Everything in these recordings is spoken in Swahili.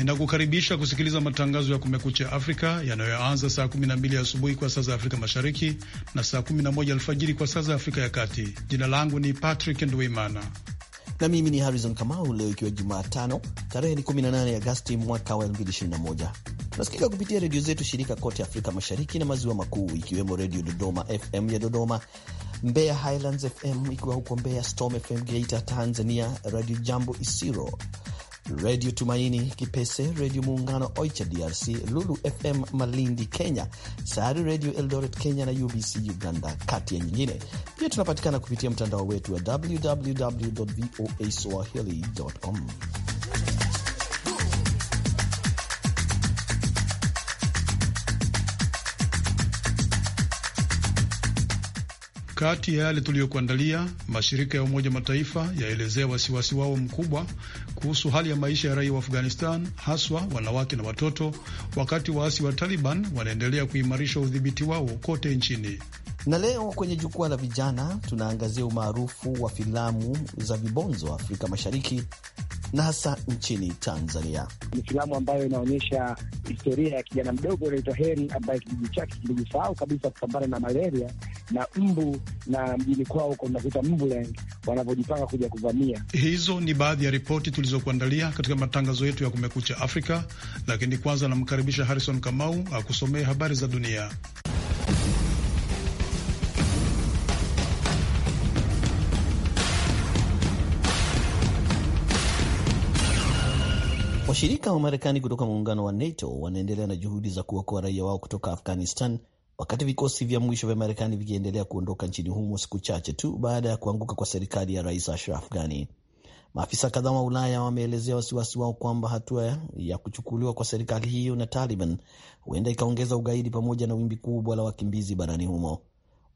Ninakukaribisha kusikiliza matangazo ya Kumekucha Afrika yanayoanza saa 12 asubuhi kwa saa za Afrika Mashariki na saa 11 alfajiri kwa saa za Afrika ya Kati. Jina langu ni Patrick Ndwimana na mimi ni Harrison Kamau. Leo ikiwa Jumatano tarehe ni 18 Agasti mwaka wa 2021, tunasikika kupitia redio zetu shirika kote Afrika Mashariki na Maziwa Makuu, ikiwemo Redio Dodoma FM ya Dodoma, Mbeya Highlands FM ikiwa huko Mbeya, Storm FM Geita Tanzania, Radio Jambo Isiro, Redio Tumaini Kipese, Redio Muungano Oicha DRC, Lulu FM Malindi Kenya, Sayari Redio Eldoret Kenya na UBC Uganda, kati ya nyingine. Pia tunapatikana kupitia mtandao wetu wa www voa swahili com. Kati ya yale tuliyokuandalia, mashirika ya Umoja Mataifa yaelezea wasiwasi wao mkubwa kuhusu hali ya maisha ya raia wa Afghanistan, haswa wanawake na watoto, wakati waasi wa Taliban wanaendelea kuimarisha udhibiti wao kote nchini. Na leo kwenye jukwaa la vijana tunaangazia umaarufu wa filamu za vibonzo Afrika Mashariki na hasa nchini Tanzania. Ni filamu ambayo inaonyesha historia ya kijana mdogo anaitwa Heri ambaye kijiji chake kilijisahau kabisa kupambana na malaria na mbu, na mjini kwao kunakuta mbuland wanavyojipanga kuja kuvamia. Hizo ni baadhi ya ripoti tulizokuandalia katika matangazo yetu ya Kumekucha Afrika, lakini kwanza namkaribisha Harrison Kamau akusomee habari za dunia. Washirika wa Marekani kutoka muungano wa NATO wanaendelea na juhudi za kuokoa raia wao kutoka Afghanistan, wakati vikosi vya mwisho vya Marekani vikiendelea kuondoka nchini humo siku chache tu baada ya kuanguka kwa serikali ya Rais Ashraf Ghani. Maafisa kadhaa wa Ulaya wameelezea wasiwasi wao kwamba hatua ya kuchukuliwa kwa serikali hiyo na Taliban huenda ikaongeza ugaidi pamoja na wimbi kubwa la wakimbizi barani humo.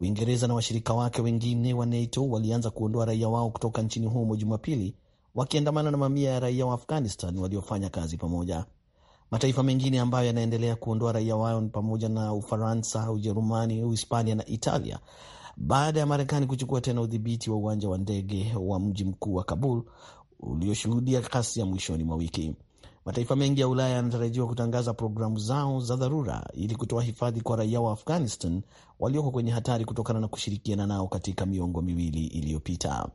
Uingereza na washirika wake wengine wa NATO walianza kuondoa raia wao kutoka nchini humo Jumapili wakiandamana na mamia ya raia wa Afghanistan waliofanya kazi pamoja. Mataifa mengine ambayo yanaendelea kuondoa raia wao ni pamoja na Ufaransa, Ujerumani, Uhispania na Italia baada ya Marekani kuchukua tena udhibiti wa uwanja wa ndege wa mji mkuu wa Kabul ulioshuhudia kasi ya mwishoni mwa wiki. Mataifa mengi ya Ulaya yanatarajiwa kutangaza programu zao za dharura ili kutoa hifadhi kwa raia wa Afghanistan walioko kwenye hatari kutokana na kushirikiana nao katika miongo miwili iliyopita.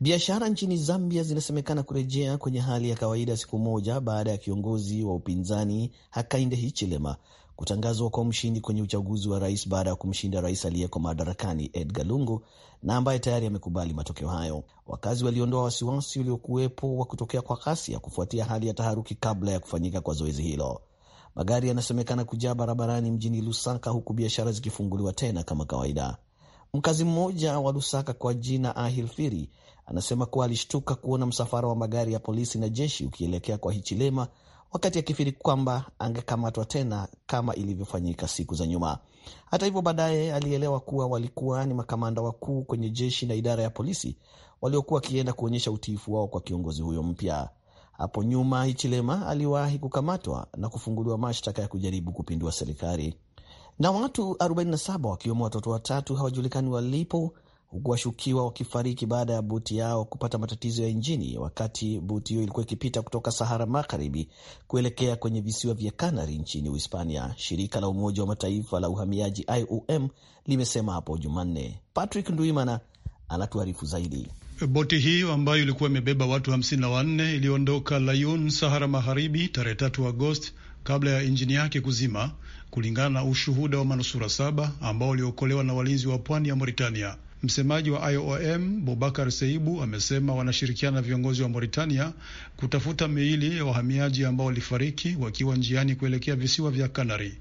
Biashara nchini Zambia zinasemekana kurejea kwenye hali ya kawaida siku moja baada ya kiongozi wa upinzani Hakainde Hichilema kutangazwa kwa mshindi kwenye uchaguzi wa rais baada ya kumshinda rais aliyeko madarakani Edgar Lungu na ambaye tayari amekubali matokeo hayo. Wakazi waliondoa wasiwasi uliokuwepo wa kutokea kwa ghasia kufuatia hali ya taharuki kabla ya kufanyika kwa zoezi hilo. Magari yanasemekana kujaa barabarani mjini Lusaka, huku biashara zikifunguliwa tena kama kawaida. Mkazi mmoja wa Lusaka kwa jina Ahilfiri Anasema kuwa alishtuka kuona msafara wa magari ya polisi na jeshi ukielekea kwa Hichilema wakati akifiri kwamba angekamatwa tena kama ilivyofanyika siku za nyuma. Hata hivyo, baadaye alielewa kuwa walikuwa ni makamanda wakuu kwenye jeshi na idara ya polisi waliokuwa wakienda kuonyesha utiifu wao kwa kiongozi huyo mpya. Hapo nyuma Hichilema aliwahi kukamatwa na kufunguliwa mashtaka ya kujaribu kupindua serikali. Na watu 47 wakiwemo watoto watatu hawajulikani walipo huku washukiwa wakifariki baada ya boti yao kupata matatizo ya injini wakati boti hiyo ilikuwa ikipita kutoka Sahara Magharibi kuelekea kwenye visiwa vya Kanari nchini Uhispania, shirika la Umoja wa Mataifa la uhamiaji IOM limesema hapo Jumanne. Patrick Nduimana anatuarifu zaidi. Boti hiyo ambayo ilikuwa imebeba watu 54 na iliondoka Layun, Sahara Magharibi, tarehe 3 Agosti kabla ya injini yake kuzima, kulingana na ushuhuda wa manusura saba ambao waliokolewa na walinzi wa pwani ya Mauritania. Msemaji wa IOM Bubakar Seibu amesema wanashirikiana na viongozi wa Mauritania kutafuta miili ya wahamiaji ambao walifariki wakiwa njiani kuelekea visiwa vya Kanari.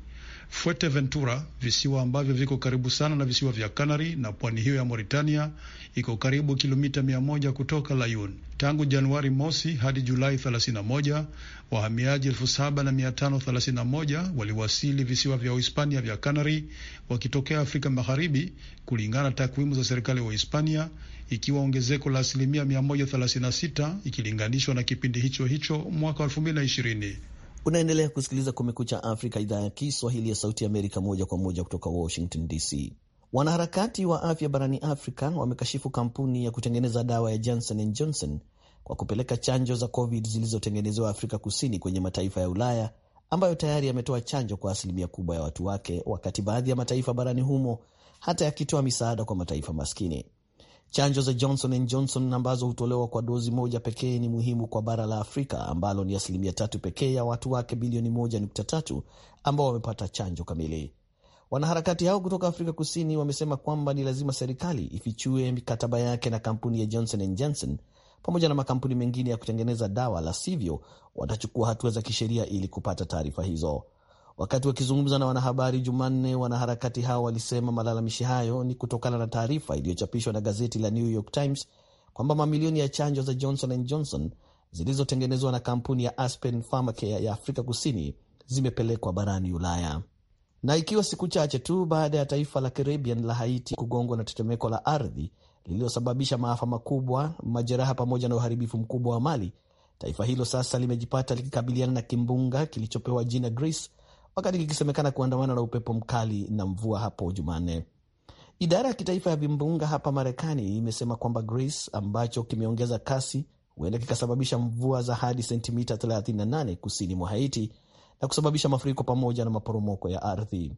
Fuerteventura, visiwa ambavyo viko karibu sana na visiwa vya Canary na pwani hiyo ya Mauritania, iko karibu kilomita mia moja kutoka Layun. Tangu Januari mosi hadi Julai 31 wahamiaji elfu na moja waliwasili visiwa vya Uhispania vya Canary wakitokea Afrika Magharibi, kulingana na takwimu za serikali ya Uhispania, ikiwa ongezeko la asilimia 136 ikilinganishwa na kipindi hicho hicho mwaka 2020. Unaendelea kusikiliza Kumekucha Afrika, idhaa ya Kiswahili ya Sauti Amerika, moja kwa moja kutoka Washington DC. Wanaharakati wa afya barani Afrika wamekashifu kampuni ya kutengeneza dawa ya Johnson and Johnson kwa kupeleka chanjo za COVID zilizotengenezewa Afrika Kusini kwenye mataifa ya Ulaya ambayo tayari yametoa chanjo kwa asilimia kubwa ya watu wake, wakati baadhi ya mataifa barani humo hata yakitoa misaada kwa mataifa maskini. Chanjo za Johnson and Johnson ambazo hutolewa kwa dozi moja pekee ni muhimu kwa bara la Afrika ambalo ni asilimia tatu pekee ya watu wake bilioni 1.3 ambao wamepata chanjo kamili. Wanaharakati hao kutoka Afrika Kusini wamesema kwamba ni lazima serikali ifichue mikataba yake na kampuni ya Johnson and Johnson pamoja na makampuni mengine ya kutengeneza dawa, la sivyo watachukua hatua za kisheria ili kupata taarifa hizo. Wakati wakizungumza na wanahabari Jumanne, wanaharakati hao walisema malalamishi hayo ni kutokana na taarifa iliyochapishwa na gazeti la New York Times kwamba mamilioni ya chanjo za Johnson and Johnson zilizotengenezwa na kampuni ya Aspen Pharmacare ya Afrika Kusini zimepelekwa barani Ulaya. Na ikiwa siku chache tu baada ya taifa la Caribbean la Haiti kugongwa na tetemeko la ardhi lililosababisha maafa makubwa, majeraha pamoja na uharibifu mkubwa wa mali, taifa hilo sasa limejipata likikabiliana na kimbunga kilichopewa jina Grace wakati kikisemekana kuandamana na upepo mkali na mvua hapo Jumanne. Idara ya kitaifa ya vimbunga hapa Marekani imesema kwamba Grace ambacho kimeongeza kasi huenda kikasababisha mvua za hadi sentimita 38 kusini mwa Haiti na kusababisha mafuriko pamoja na maporomoko ya ardhi.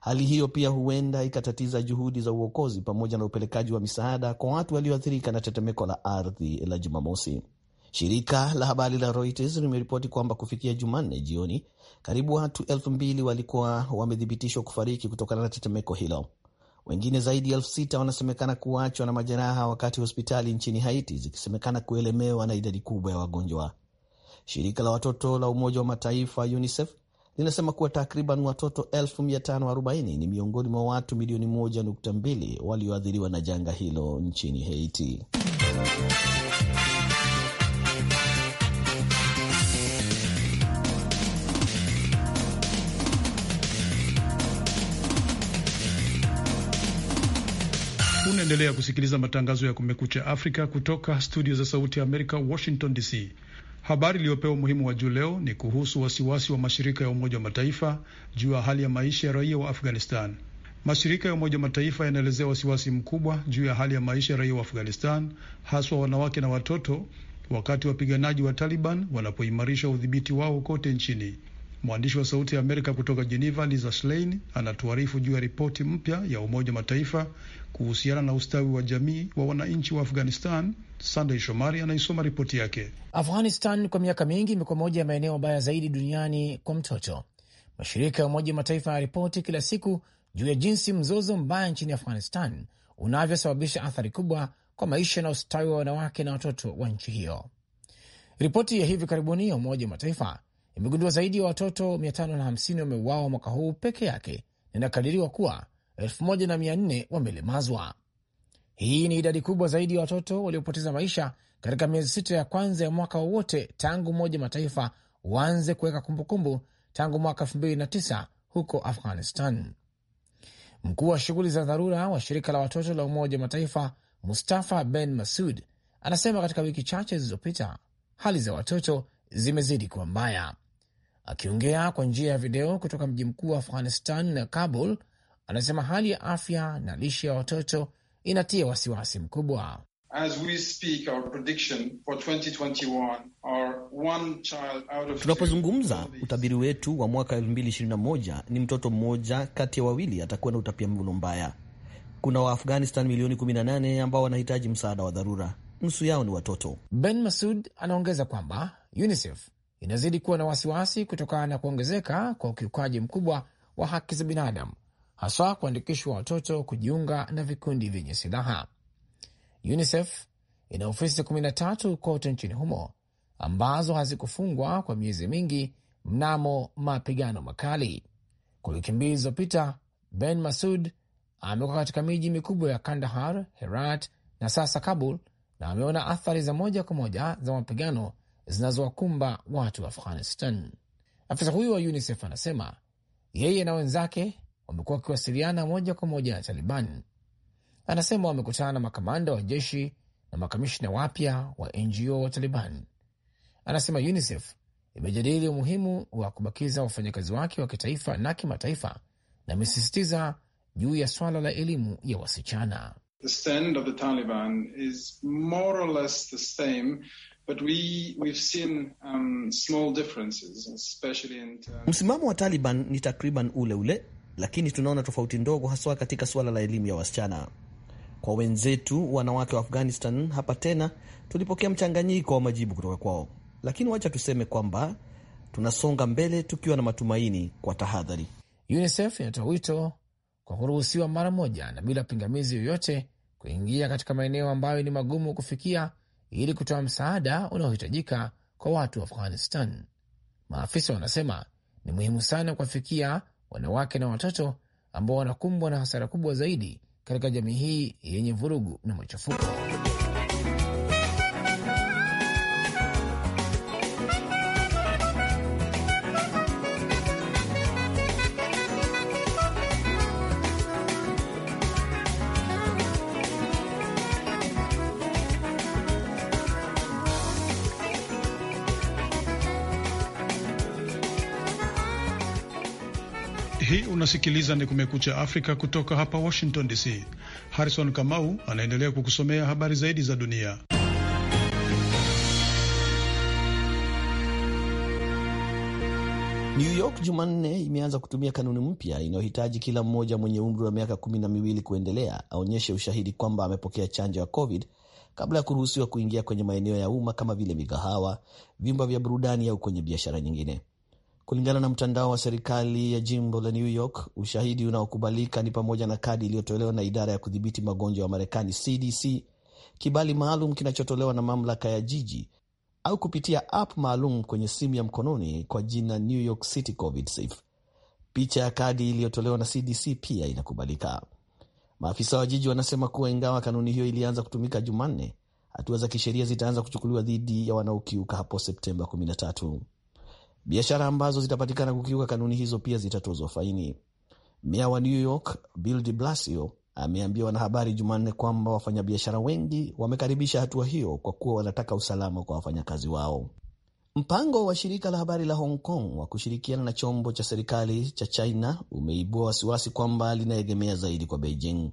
Hali hiyo pia huenda ikatatiza juhudi za uokozi pamoja na upelekaji wa misaada kwa watu walioathirika na tetemeko la ardhi la Jumamosi. Shirika la habari la Reuters limeripoti kwamba kufikia Jumanne jioni karibu watu elfu mbili walikuwa wamethibitishwa kufariki kutokana na tetemeko hilo. Wengine zaidi ya elfu sita wanasemekana kuachwa na majeraha, wakati hospitali nchini Haiti zikisemekana kuelemewa na idadi kubwa ya wagonjwa. Shirika la watoto la Umoja wa Mataifa UNICEF linasema kuwa takriban watoto 540 ni miongoni mwa watu milioni 1.2 walioathiriwa na janga hilo nchini Haiti. Unaendelea kusikiliza matangazo ya Kumekucha Afrika kutoka studio za Sauti ya Amerika, Washington DC. Habari iliyopewa umuhimu wa juu leo ni kuhusu wasiwasi wa mashirika ya Umoja wa Mataifa juu ya hali ya maisha ya raia wa Afghanistan. Mashirika ya Umoja wa Mataifa yanaelezea wasiwasi mkubwa juu ya hali ya maisha ya raia wa Afghanistan, haswa wanawake na watoto, wakati wapiganaji wa Taliban wanapoimarisha udhibiti wao kote nchini. Mwandishi wa Sauti ya Amerika kutoka Geneva, Lisa Schlein, anatuarifu juu ya ripoti mpya ya Umoja wa Mataifa kuhusiana na ustawi wa jamii wa wananchi wa Afghanistan. Sandey Shomari anaisoma ripoti yake. Afghanistan kwa miaka mingi imekuwa moja ya maeneo mabaya zaidi duniani kwa mtoto. Mashirika ya Umoja Mataifa ya ripoti kila siku juu ya jinsi mzozo mbaya nchini Afghanistan unavyosababisha athari kubwa kwa maisha na ustawi wa wanawake na watoto wa nchi hiyo. Ripoti ya hivi karibuni ya Umoja wa Mataifa imegundua zaidi ya watoto 550 wameuawa mwaka huu peke yake, na inakadiriwa kuwa elfu moja na mia nne wamelemazwa. Hii ni idadi kubwa zaidi ya watoto waliopoteza maisha katika miezi sita ya kwanza ya mwaka wowote tangu Umoja Mataifa waanze kuweka kumbukumbu tangu mwaka elfu mbili na tisa huko Afghanistan. Mkuu wa shughuli za dharura wa shirika la watoto la Umoja Mataifa Mustafa Ben Masud anasema katika wiki chache zilizopita hali za watoto zimezidi kuwa mbaya. Akiongea kwa njia ya video kutoka mji mkuu wa Afghanistan na Kabul, anasema hali ya afya na lishe ya watoto inatia wasiwasi mkubwa. Tunapozungumza, utabiri wetu wa mwaka 2021 ni mtoto mmoja kati ya wawili atakuwa na utapia mlo mbaya. Kuna Waafghanistan milioni 18 ambao wanahitaji msaada wa dharura, nusu yao ni watoto. Ben Masud anaongeza kwamba UNICEF inazidi kuwa na wasiwasi kutokana na kuongezeka kwa ukiukaji mkubwa wa haki za binadamu haswa kuandikishwa watoto kujiunga na vikundi vyenye silaha. UNICEF ina ofisi 13 kote nchini humo ambazo hazikufungwa kwa miezi mingi mnamo mapigano makali. Kwa wiki mbili zilizopita, Ben Masud amekuwa katika miji mikubwa ya Kandahar, Herat na sasa Kabul, na ameona athari za moja kwa moja za mapigano zinazowakumba watu wa Afghanistan. Afisa huyu wa UNICEF anasema yeye na wenzake wamekuwa wakiwasiliana moja kwa moja na Taliban. Anasema wamekutana na makamanda wa jeshi na makamishina wapya wa NGO wa Taliban. Anasema UNICEF imejadili umuhimu wa kubakiza wafanyakazi wake wa kitaifa na kimataifa na imesisitiza juu ya swala la elimu ya wasichana. Msimamo wa Taliban ni takriban ule ule, lakini tunaona tofauti ndogo, haswa katika suala la elimu ya wasichana. Kwa wenzetu wanawake wa Afghanistan, hapa tena tulipokea mchanganyiko wa majibu kutoka kwao, lakini wacha tuseme kwamba tunasonga mbele tukiwa na matumaini kwa tahadhari. UNICEF inatoa wito kwa kuruhusiwa mara moja na bila pingamizi yoyote kuingia katika maeneo ambayo ni magumu kufikia ili kutoa msaada unaohitajika kwa watu wa Afghanistan. Maafisa wanasema ni muhimu sana kuwafikia wanawake na watoto ambao wanakumbwa na hasara kubwa zaidi katika jamii hii yenye vurugu na machafuko. Hii unasikiliza ni Kumekucha Afrika kutoka hapa Washington DC. Harrison Kamau anaendelea kukusomea habari zaidi za dunia. New York Jumanne imeanza kutumia kanuni mpya inayohitaji kila mmoja mwenye umri wa miaka kumi na miwili kuendelea aonyeshe ushahidi kwamba amepokea chanjo ya COVID kabla ya kuruhusiwa kuingia kwenye maeneo ya umma kama vile migahawa, vyumba vya burudani au kwenye biashara nyingine kulingana na mtandao wa serikali ya jimbo la New York. Ushahidi unaokubalika ni pamoja na kadi iliyotolewa na idara ya kudhibiti magonjwa ya Marekani, CDC, kibali maalum kinachotolewa na mamlaka ya jiji au kupitia app maalum kwenye simu ya mkononi kwa jina New York City COVID Safe. Picha ya kadi iliyotolewa na CDC pia inakubalika. Maafisa wa jiji wanasema kuwa ingawa kanuni hiyo ilianza kutumika Jumanne, hatua za kisheria zitaanza kuchukuliwa dhidi ya wanaokiuka hapo Septemba Biashara ambazo zitapatikana kukiuka kanuni hizo pia zitatozwa faini. Meya wa New York Bill de Blasio ameambia wanahabari Jumanne kwamba wafanyabiashara wengi wamekaribisha hatua hiyo kwa kuwa wanataka usalama kwa wafanyakazi wao. Mpango wa shirika la habari la Hong Kong wa kushirikiana na chombo cha serikali cha China umeibua wasiwasi kwamba linaegemea zaidi kwa Beijing.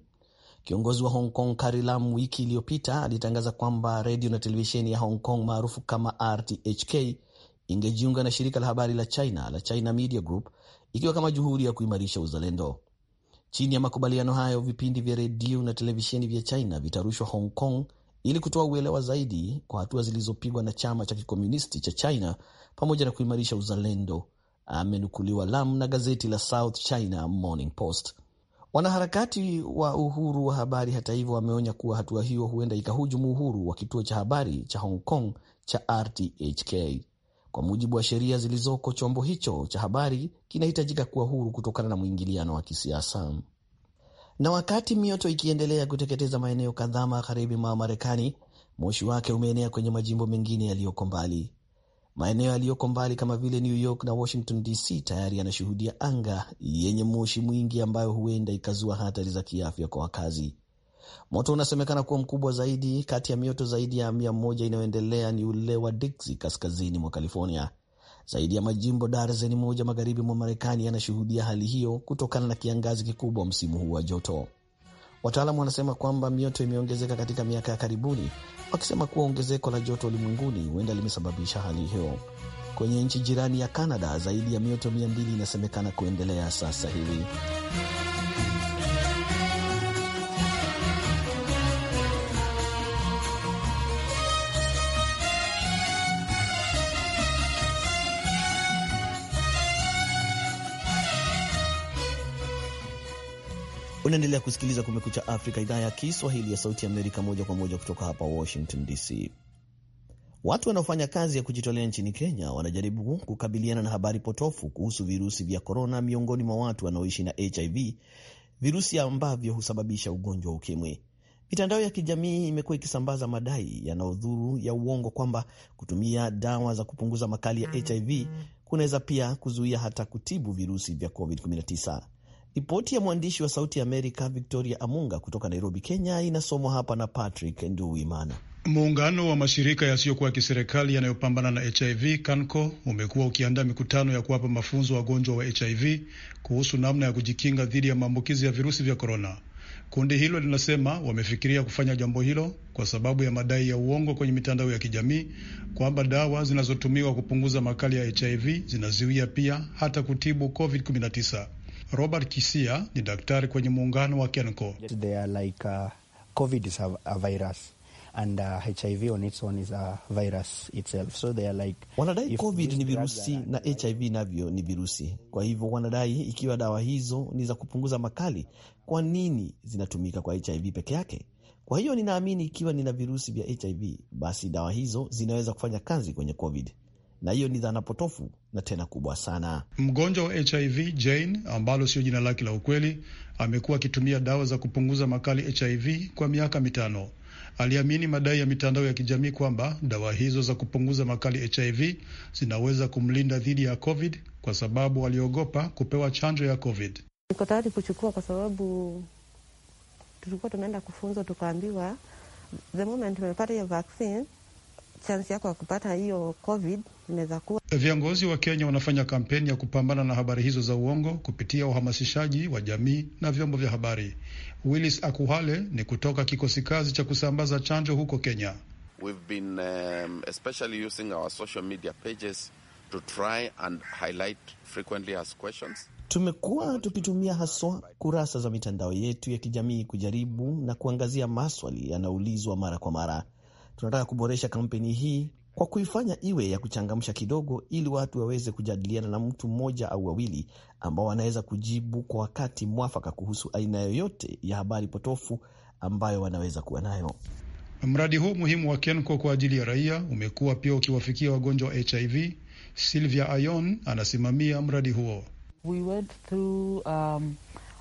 Kiongozi wa Hong Kong Carrie Lam wiki iliyopita alitangaza kwamba redio na televisheni ya Hong Kong maarufu kama RTHK ingejiunga na shirika la habari la China la China Media Group ikiwa kama juhudi ya kuimarisha uzalendo. Chini ya makubaliano hayo, vipindi vya redio na televisheni vya China vitarushwa Hong Kong ili kutoa uelewa zaidi kwa hatua zilizopigwa na chama cha kikomunisti cha China pamoja na kuimarisha uzalendo, amenukuliwa Lam na gazeti la South China Morning Post. Wanaharakati wa uhuru wa habari, hata hivyo, wameonya kuwa hatua hiyo huenda ikahujumu uhuru wa kituo cha habari cha Hong Kong cha RTHK. Kwa mujibu wa sheria zilizoko, chombo hicho cha habari kinahitajika kuwa huru kutokana na mwingiliano wa kisiasa. Na wakati mioto ikiendelea kuteketeza maeneo kadhaa magharibi mwa Marekani, moshi wake umeenea kwenye majimbo mengine yaliyoko mbali. Maeneo yaliyoko mbali kama vile New York na Washington DC tayari yanashuhudia anga yenye moshi mwingi ambayo huenda ikazua hatari za kiafya kwa wakazi. Moto unasemekana kuwa mkubwa zaidi kati ya mioto zaidi ya mia moja inayoendelea ni ule wa Dixie kaskazini mwa California. Zaidi ya majimbo darzeni moja magharibi mwa Marekani yanashuhudia hali hiyo kutokana na kiangazi kikubwa msimu huu wa joto. Wataalamu wanasema kwamba mioto imeongezeka katika miaka ya karibuni, wakisema kuwa ongezeko la joto ulimwenguni huenda limesababisha hali hiyo. Kwenye nchi jirani ya canada zaidi ya mioto 2 inasemekana kuendelea sasa hivi. Unaendelea kusikiliza Kumekucha Afrika, idhaa ya Kiswahili ya Sauti Amerika, moja kwa moja kutoka hapa Washington DC. Watu wanaofanya kazi ya kujitolea nchini Kenya wanajaribu kukabiliana na habari potofu kuhusu virusi vya korona miongoni mwa watu wanaoishi na HIV, virusi ambavyo husababisha ugonjwa wa ukimwi. Mitandao ya kijamii imekuwa ikisambaza madai yanayodhuru ya uongo kwamba kutumia dawa za kupunguza makali ya HIV kunaweza pia kuzuia hata kutibu virusi vya COVID-19. Ripoti ya mwandishi wa Sauti ya Amerika Victoria Amunga kutoka Nairobi, Kenya, inasomwa hapa na Patrick Nduwimana. Muungano wa mashirika yasiyokuwa ya kiserikali yanayopambana na HIV CANCO umekuwa ukiandaa mikutano ya kuwapa mafunzo wagonjwa wa HIV kuhusu namna ya kujikinga dhidi ya maambukizi ya virusi vya korona. Kundi hilo linasema wamefikiria kufanya jambo hilo kwa sababu ya madai ya uongo kwenye mitandao ya kijamii kwamba dawa zinazotumiwa kupunguza makali ya HIV zinazuia pia hata kutibu COVID-19. Robert Kisia ni daktari kwenye muungano wa KENCO. Wanadai COVID ni virusi na HIV navyo ni virusi. Kwa hivyo wanadai ikiwa dawa hizo ni za kupunguza makali, kwa nini zinatumika kwa HIV peke yake? Kwa hiyo ninaamini ikiwa nina virusi vya HIV, basi dawa hizo zinaweza kufanya kazi kwenye COVID na hiyo ni dhana potofu na tena kubwa sana. Mgonjwa wa HIV Jane, ambalo sio jina lake la ukweli, amekuwa akitumia dawa za kupunguza makali HIV kwa miaka mitano. Aliamini madai ya mitandao ya kijamii kwamba dawa hizo za kupunguza makali HIV zinaweza kumlinda dhidi ya COVID kwa sababu aliogopa kupewa chanjo ya COVID. Niko tayari kuchukua kwa sababu tulikuwa tunaenda kufunzwa, tukaambiwa the moment tumepata hiyo vaccine chance yako ya kupata hiyo covid inaweza kuwa. Viongozi wa Kenya wanafanya kampeni ya kupambana na habari hizo za uongo kupitia uhamasishaji wa jamii na vyombo vya habari. Willis Akuhale ni kutoka kikosi kazi cha kusambaza chanjo huko Kenya. We've been, um, especially using our social media pages to try and highlight frequently asked questions. Tumekuwa tukitumia haswa kurasa za mitandao yetu ya kijamii kujaribu na kuangazia maswali yanaulizwa mara kwa mara Tunataka kuboresha kampeni hii kwa kuifanya iwe ya kuchangamsha kidogo, ili watu waweze kujadiliana na mtu mmoja au wawili ambao wanaweza kujibu kwa wakati mwafaka kuhusu aina yoyote ya habari potofu ambayo wanaweza kuwa nayo. Mradi huu muhimu wa Kenko kwa ajili ya raia umekuwa pia ukiwafikia wagonjwa wa HIV. Silvia Ayon anasimamia mradi huo. We went through, um,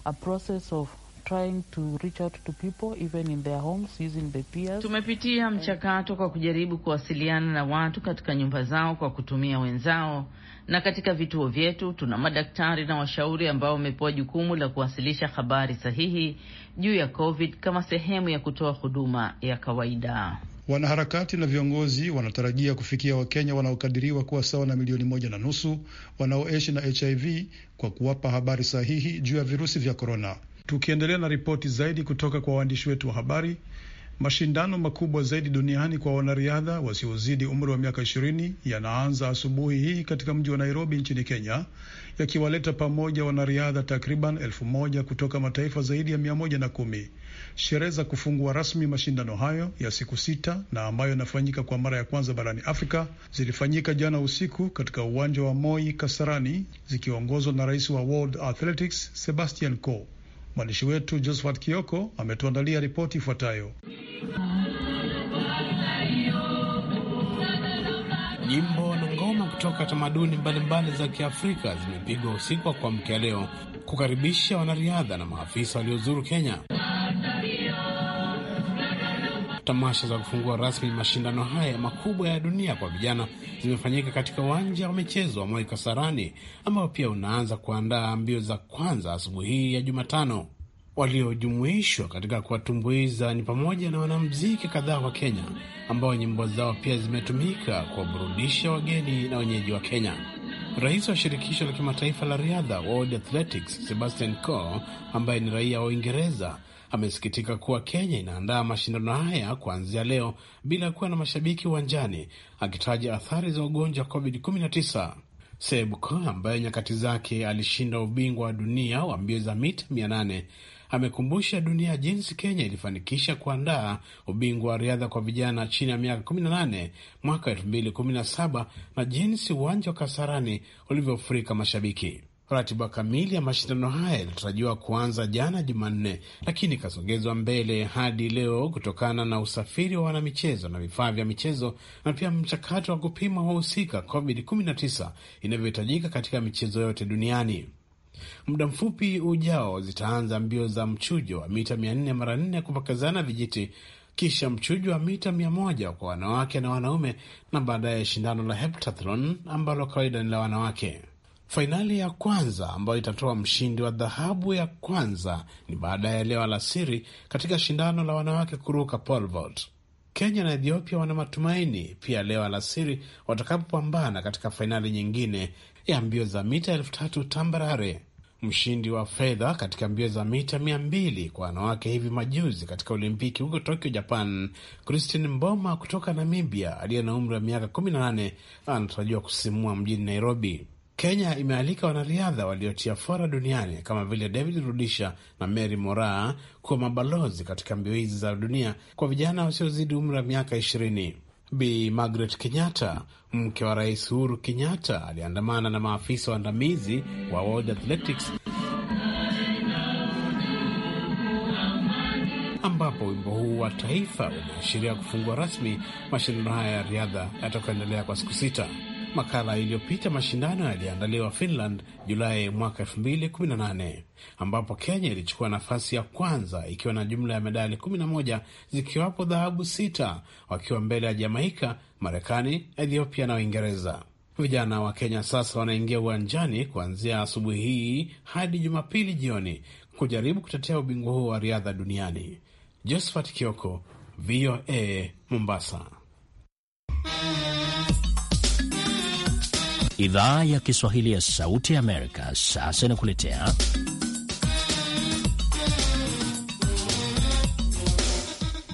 a process of trying to reach out to people even in their homes using the peers. Tumepitia mchakato kwa kujaribu kuwasiliana na watu katika nyumba zao kwa kutumia wenzao, na katika vituo vyetu tuna madaktari na washauri ambao wamepewa jukumu la kuwasilisha habari sahihi juu ya COVID kama sehemu ya kutoa huduma ya kawaida. Wanaharakati na viongozi wanatarajia kufikia Wakenya wanaokadiriwa kuwa sawa na milioni moja na nusu wanaoishi na HIV kwa kuwapa habari sahihi juu ya virusi vya korona. Tukiendelea na ripoti zaidi kutoka kwa waandishi wetu wa habari, mashindano makubwa zaidi duniani kwa wanariadha wasiozidi umri wa miaka ishirini yanaanza asubuhi hii katika mji wa Nairobi nchini Kenya, yakiwaleta pamoja wanariadha takriban elfu moja kutoka mataifa zaidi ya mia moja na kumi. Sherehe za kufungua rasmi mashindano hayo ya siku sita na ambayo yanafanyika kwa mara ya kwanza barani Afrika zilifanyika jana usiku katika uwanja wa Moi Kasarani, zikiongozwa na rais wa World Athletics Sebastian Coe. Mwandishi wetu Josephat Kioko ametuandalia ripoti ifuatayo. Nyimbo na ngoma kutoka tamaduni mbalimbali za Kiafrika zimepigwa usiku wa kuamkia leo kukaribisha wanariadha na maafisa waliozuru Kenya. Tamasha za kufungua rasmi mashindano haya makubwa ya dunia kwa vijana zimefanyika katika uwanja wa michezo wa Moi Kasarani, ambao pia unaanza kuandaa mbio za kwanza asubuhi hii ya Jumatano. Waliojumuishwa katika kuwatumbuiza ni pamoja na wanamziki kadhaa wa Kenya ambao nyimbo zao pia zimetumika kuwaburudisha wageni na wenyeji wa Kenya. Rais wa shirikisho la kimataifa la riadha World Athletics Sebastian Coe ambaye ni raia wa Uingereza amesikitika kuwa Kenya inaandaa mashindano haya kuanzia leo bila kuwa na mashabiki uwanjani, akitaja athari za ugonjwa wa COVID-19. Sebuko ambaye nyakati zake alishinda ubingwa wa dunia wa mbio za mita 800 amekumbusha dunia jinsi Kenya ilifanikisha kuandaa ubingwa wa riadha kwa vijana chini ya miaka 18 mwaka 2017 na jinsi uwanja wa Kasarani ulivyofurika mashabiki. Ratiba kamili ya mashindano haya ilitarajiwa kuanza jana Jumanne, lakini ikasogezwa mbele hadi leo kutokana na usafiri wa wanamichezo na vifaa vya michezo na pia mchakato wa kupima wahusika COVID-19 inavyohitajika katika michezo yote duniani. Muda mfupi ujao zitaanza mbio za mchujo wa mita 400 mara 4 kupokezana vijiti kisha mchujo wa mita mia moja kwa wanawake na wanaume na baadaye shindano la heptathlon ambalo kawaida ni la wanawake. Fainali ya kwanza ambayo itatoa mshindi wa dhahabu ya kwanza ni baada ya leo alasiri katika shindano la wanawake kuruka pole vault. Kenya na Ethiopia wana matumaini pia leo alasiri watakapopambana katika fainali nyingine ya mbio za mita elfu tatu tambarare. Mshindi wa fedha katika mbio za mita mia mbili kwa wanawake hivi majuzi katika Olimpiki huko Tokyo, Japan, Christine Mboma kutoka Namibia aliye na umri wa miaka 18 anatarajiwa kusimua mjini Nairobi. Kenya imealika wanariadha waliotia fora duniani kama vile David Rudisha na Mary Moraa kuwa mabalozi katika mbio hizi za dunia kwa vijana wasiozidi umri wa miaka ishirini. Bi Margaret Kenyatta, mke wa Rais Uhuru Kenyatta, aliandamana na maafisa waandamizi wa World Athletics ambapo wimbo huu wa taifa unaashiria kufungua rasmi mashindano haya ya riadha yatakaendelea kwa siku sita. Makala iliyopita mashindano yaliandaliwa Finland Julai mwaka 2018 ambapo Kenya ilichukua nafasi ya kwanza ikiwa na jumla ya medali 11 zikiwapo dhahabu sita, wakiwa mbele ya Jamaika, Marekani, Ethiopia na Uingereza. Vijana wa Kenya sasa wanaingia uwanjani kuanzia asubuhi hii hadi Jumapili jioni kujaribu kutetea ubingwa huo wa riadha duniani. Josephat Kioko, VOA, Mombasa. Idhaa ya Kiswahili ya Sauti ya Amerika sasa inakuletea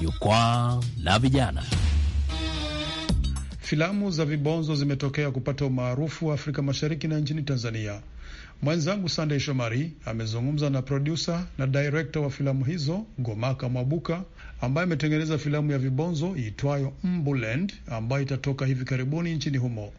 jukwaa la vijana. Filamu za vibonzo zimetokea kupata umaarufu wa Afrika Mashariki na nchini Tanzania. Mwenzangu Sandey Shomari amezungumza na produsa na direkta wa filamu hizo Ngomaka Mwabuka ambaye ametengeneza filamu ya vibonzo iitwayo Mbuland ambayo itatoka hivi karibuni nchini humo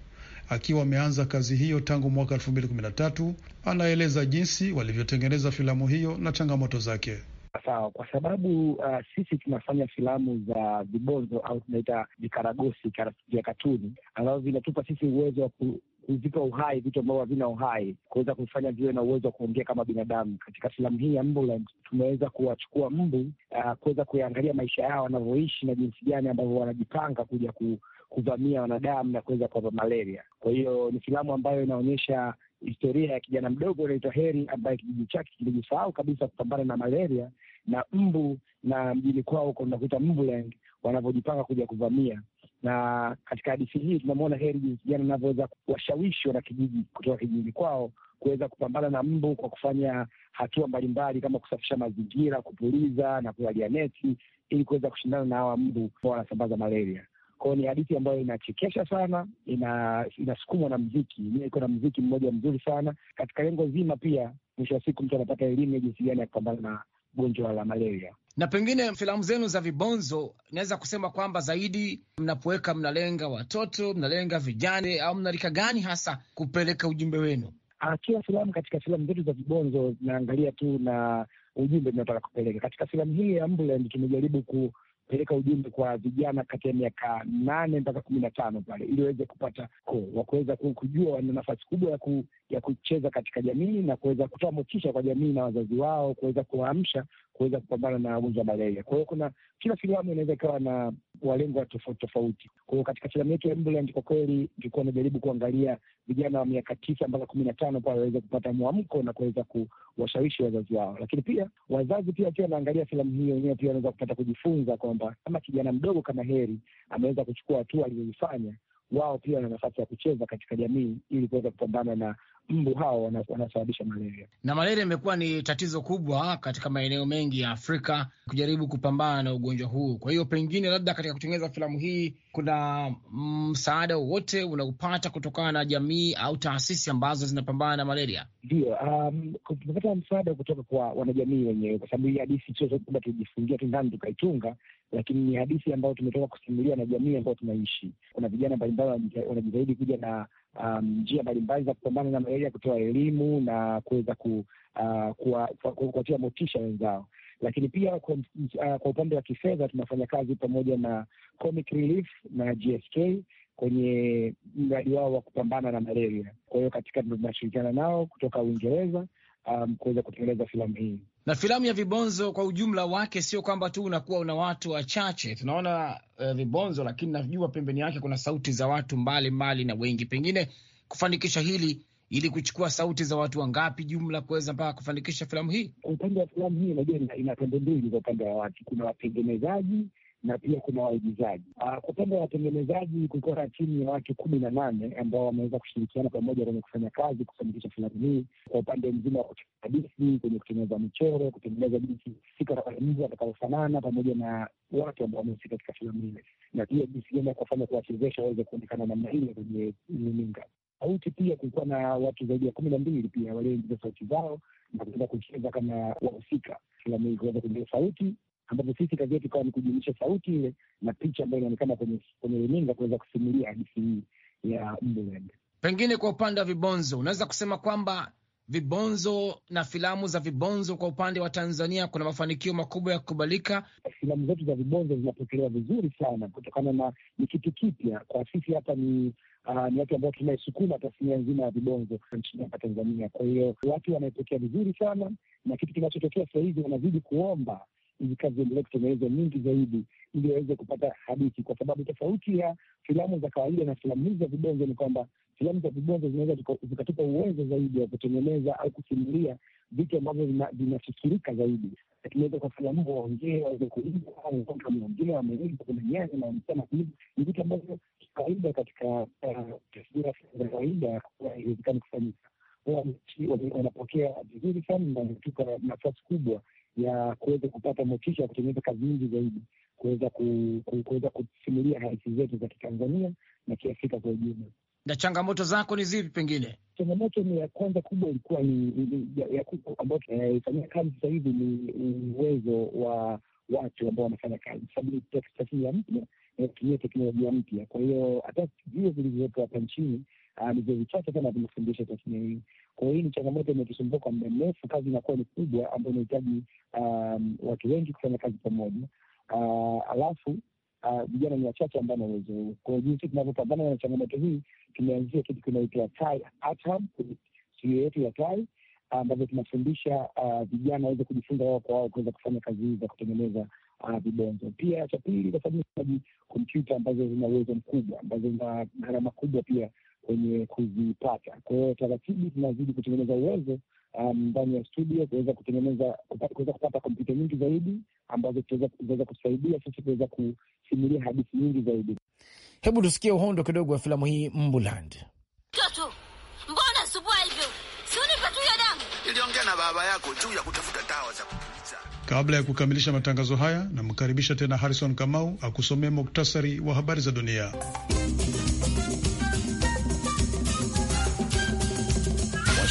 akiwa ameanza kazi hiyo tangu mwaka 2013 anaeleza jinsi walivyotengeneza filamu hiyo na changamoto zake. Sawa, kwa sababu uh, sisi tunafanya filamu za vibonzo au tunaita vikaragosi vya katuni ambazo vinatupa sisi uwezo wa ku kuzipa uhai vitu ambavyo havina uhai, kuweza kufanya viwe na uwezo wa kuongea kama binadamu. Katika filamu hii ya Mbuland tumeweza kuwachukua mbu uh, kuweza kuyaangalia maisha yao wanavyoishi na jinsi gani ambavyo wanajipanga kuja ku, kuvamia wanadamu na kuweza kuwapa malaria. Kwa hiyo ni filamu ambayo inaonyesha historia ya kijana mdogo anaitwa Heri ambaye kijiji chake kilijisahau kabisa kupambana na malaria na mbu, na mjini kwao huko unakuta mbuland wanavyojipanga kuja kuvamia. Na katika hadithi hii tunamwona Heri jinsi kijana anavyoweza kuwashawishi wanakijiji kutoka kijijini kwao kuweza kupambana na mbu kwa kufanya hatua mbalimbali kama kusafisha mazingira, kupuliza na kuvalia neti ili kuweza kushindana na hawa mbu ambao wanasambaza malaria kwao. Ni hadithi ambayo inachekesha sana, ina inasukumwa na mziki ni iko na mziki mmoja mzuri sana katika lengo zima. Pia mwisho wa siku mtu anapata elimu ya jinsi gani ya kupambana na gonjwa la malaria. Na pengine filamu zenu za vibonzo, inaweza kusema kwamba zaidi mnapoweka, mnalenga watoto, mnalenga vijana, au mnalika gani hasa kupeleka ujumbe wenu? Ah, kila filamu katika filamu zetu za vibonzo zinaangalia tu na ujumbe tunataka kupeleka. Katika filamu hii ya Ambulance tumejaribu ku peleka ujumbe kwa vijana kati ya miaka nane mpaka kumi na tano pale, ili waweze kupata ko wa kuweza kujua wana nafasi kubwa ya, ku, ya kucheza katika jamii na kuweza kutoa motisha kwa jamii na wazazi wao, kuweza kuwaamsha kuweza kupambana na ugonjwa wa malaria. Kwa hiyo kuna kila filamu inaweza ikawa na walengwa tofauti tofauti. Kwa hiyo katika filamu yetu ya Mbuland kwa kweli tulikuwa tunajaribu kuangalia vijana wa miaka tisa mpaka kumi na tano pale waweze kupata mwamko na kuweza kuwashawishi wazazi wao, lakini pia wazazi pia wakiwa wanaangalia filamu hiyo wenyewe pia wanaweza kupata kujifunza kwamba kama kijana mdogo kama Heri ameweza kuchukua hatua alizozifanya wao pia wana nafasi ya kucheza katika jamii ili kuweza kupambana na mbu hao wanaosababisha malaria. Na malaria imekuwa ni tatizo kubwa katika maeneo mengi ya Afrika kujaribu kupambana na ugonjwa huu. Kwa hiyo pengine, labda katika kutengeneza filamu hii, kuna msaada mm, wowote unaupata kutokana na jamii au taasisi ambazo zinapambana na malaria? um, tumepata msaada kutoka kwa wanajamii wenyewe, kwa sababu hii hadithi sio kwamba tujifungia tu ndani tukaitunga, lakini ni hadithi ambayo tumetoka kusimulia na jamii ambayo tunaishi. Kuna vijana mbalimbali wanajitahidi kuja na um, njia um, mbalimbali za kupambana na malaria, kutoa elimu na kuweza ku, uh, kuwatia kuwa motisha wenzao lakini pia kwa, uh, kwa upande wa kifedha tunafanya kazi pamoja na Comic Relief na GSK kwenye mradi wao wa kupambana na malaria. Kwa hiyo katika tunashirikiana nao kutoka Uingereza um, kuweza kutengeneza filamu hii. Na filamu ya vibonzo kwa ujumla wake sio kwamba tu unakuwa una watu wachache tunaona uh, vibonzo, lakini najua pembeni yake kuna sauti za watu mbalimbali mbali na wengi. Pengine kufanikisha hili ili kuchukua sauti za watu wangapi jumla kuweza mpaka kufanikisha filamu hii? Kwa upande wa filamu hii, unajua ina pembe mbili. Kwa upande wa watu, kuna watengenezaji na pia kuna waigizaji. Ah, kwa upande wa watengenezaji, kulikuwa na timu ya watu kumi na nane ambao wameweza kushirikiana pamoja kwenye kufanya kazi kufanikisha filamu hii, kwa upande mzima wa hadithi, kwenye kutengeneza michoro, kutengeneza jinsi sika watalamizi atakaofanana pamoja na watu ambao wamehusika katika filamu ile, na pia jinsi gani ya kuwafanya kuwachezesha waweze kuonekana namna hile kwenye runinga sauti pia kulikuwa na watu zaidi ya kumi na mbili pia walioingiza sauti zao na kuweza kucheza kama wahusika filamu hii, kuweza kuingia sauti ambapo sisi kazi yetu ikawa ni kujumisha sauti ile na picha ambayo inaonekana kwenye kwenye runinga kuweza kusimulia hadithi hii ya Mbuland. Pengine kwa upande wa vibonzo, unaweza kusema kwamba vibonzo na filamu za vibonzo kwa upande wa Tanzania kuna mafanikio makubwa ya kukubalika. Filamu zetu za vibonzo zinapokelewa vizuri sana, kutokana na ni kitu kipya kwa sisi hapa ni Uh, ni watu ambao tunaisukuma tasnia nzima ya vibonzo nchini hapa Tanzania. Kwa hiyo watu wanaipokea vizuri sana, na kitu kinachotokea sasa hivi wanazidi kuomba hizi kazi ziendelee kutengenezwa nyingi zaidi, ili waweze kupata hadithi, kwa sababu tofauti ya filamu za kawaida na filamu hizi za vibonzo ni kwamba filamu za vibonzo zinaweza zikatupa uwezo zaidi wa kutengeneza au kusimulia vitu ambavyo vinafikirika zaidi, tunaweza kwa filamu waongee, waweze kuiga ameongea, wameiga, kuna nyani na wamesema hivi, ni vitu ambavyo kawaida katika uh, tasbira za kawaida haiwezekani kufanyika. Wanapokea vizuri sana na wanatupa nafasi kubwa ya kuweza kupata motisha ya kutengeneza kazi nyingi zaidi kuweza kuweza kusimulia hadithi zetu za Kitanzania na Kiafrika kwa ujumla. Na changamoto zako ni zipi? Pengine changamoto ni ya kwanza kubwa ilikuwa ni ambayo tunaifanyia kazi sasa hivi ni uwezo wa watu ambao wanafanya kazi, kwa sababu mpya natumia teknolojia mpya. Kwa hiyo hata vio vilivyowepo hapa nchini vizuo ah, vichache sana vimefundisha tasnia hii. Kwa hiyo hii ni changamoto imetusumbua kwa muda mrefu, kazi inakuwa ni kubwa ambayo inahitaji um, watu wengi kufanya kazi pamoja uh, alafu ah, vijana uh, ni wachache ambao na uwezo huu. Kwa hiyo jinsi tunavyopambana na changamoto hii, tumeanzia kitu kinaitwa Tai Atam, studio yetu ya Tai ambavyo tunafundisha vijana waweze kujifunza wao kwa wao kuweza kufanya kazi hii za kutengeneza vibonzo. Pia cha pili, kwa sababu tunahitaji kompyuta ambazo zina uwezo mkubwa, ambazo zina gharama kubwa pia kwenye kuzipata. Kwa hiyo taratibu tunazidi kutengeneza uwezo um, ndani um, ya studio kuweza kutengeneza kuweza kupata kompyuta nyingi zaidi ambazo tutaweza kutusaidia sisi kuweza kusimulia hadithi nyingi zaidi. Hebu tusikie uhondo kidogo wa filamu hii Mbuland. Toto, mbona subua hivyo? Sunipe tu ya damu. Niliongea na baba yako juu ya kutafuta dawa za kupuliza. Kabla ya kukamilisha matangazo haya, namkaribisha tena Harrison Kamau akusomea muktasari wa habari za dunia.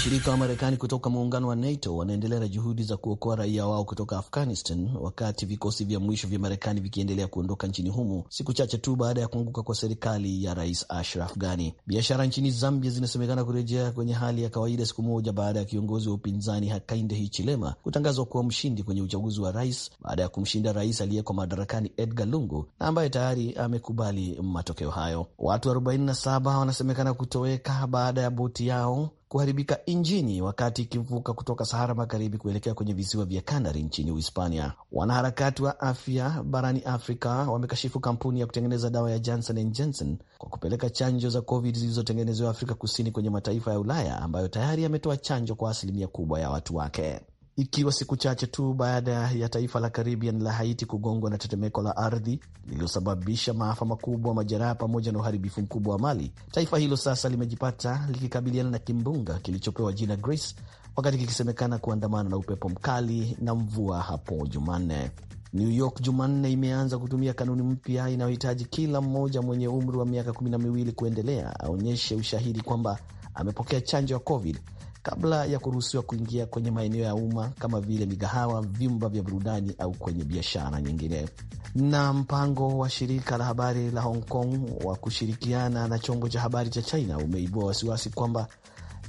Washirika wa Marekani kutoka muungano wa NATO wanaendelea na juhudi za kuokoa raia wao kutoka Afghanistan, wakati vikosi vya mwisho vya Marekani vikiendelea kuondoka nchini humo siku chache tu baada ya kuanguka kwa serikali ya Rais Ashraf Ghani. Biashara nchini Zambia zinasemekana kurejea kwenye hali ya kawaida siku moja baada ya kiongozi wa upinzani Hakainde Hichilema kutangazwa kuwa mshindi kwenye uchaguzi wa rais baada ya kumshinda rais aliyeko madarakani Edgar Lungu na ambaye tayari amekubali matokeo hayo. Watu 47 wanasemekana kutoweka baada ya boti yao kuharibika injini wakati ikivuka kutoka Sahara Magharibi kuelekea kwenye visiwa vya Kanari nchini Uhispania. Wanaharakati wa afya barani Afrika wamekashifu kampuni ya kutengeneza dawa ya Johnson and Johnson kwa kupeleka chanjo za COVID zilizotengenezewa Afrika Kusini kwenye mataifa ya Ulaya ambayo tayari yametoa chanjo kwa asilimia kubwa ya watu wake ikiwa siku chache tu baada ya taifa la Caribbean la Haiti kugongwa na tetemeko la ardhi lililosababisha maafa makubwa, majeraha pamoja na uharibifu mkubwa wa mali. Taifa hilo sasa limejipata likikabiliana na kimbunga kilichopewa jina Grace, wakati kikisemekana kuandamana na upepo mkali na mvua hapo Jumanne. New York Jumanne imeanza kutumia kanuni mpya inayohitaji kila mmoja mwenye umri wa miaka kumi na miwili kuendelea aonyeshe ushahidi kwamba amepokea chanjo ya COVID kabla ya kuruhusiwa kuingia kwenye maeneo ya umma kama vile migahawa, vyumba vya burudani au kwenye biashara nyingine. Na mpango wa shirika la habari la Hong Kong wa kushirikiana na chombo cha habari cha China umeibua wasiwasi kwamba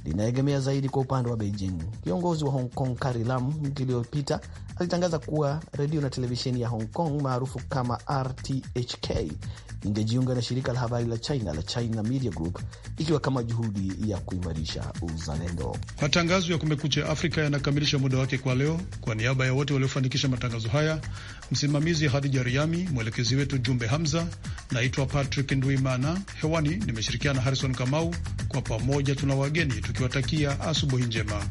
linaegemea zaidi kwa upande wa Beijing. Kiongozi wa Hong Kong Carrie Lam wiki iliyopita alitangaza kuwa redio na televisheni ya Hong Kong maarufu kama RTHK ningejiunga na shirika la habari la China la China Media Group ikiwa kama juhudi ya kuimarisha uzalendo. Matangazo ya Kumekucha Afrika yanakamilisha muda wake kwa leo. Kwa niaba ya wote waliofanikisha matangazo haya, msimamizi Hadija Riami, mwelekezi wetu Jumbe Hamza. Naitwa Patrick Ndwimana, hewani nimeshirikiana Harrison Kamau. Kwa pamoja tuna wageni tukiwatakia asubuhi njema.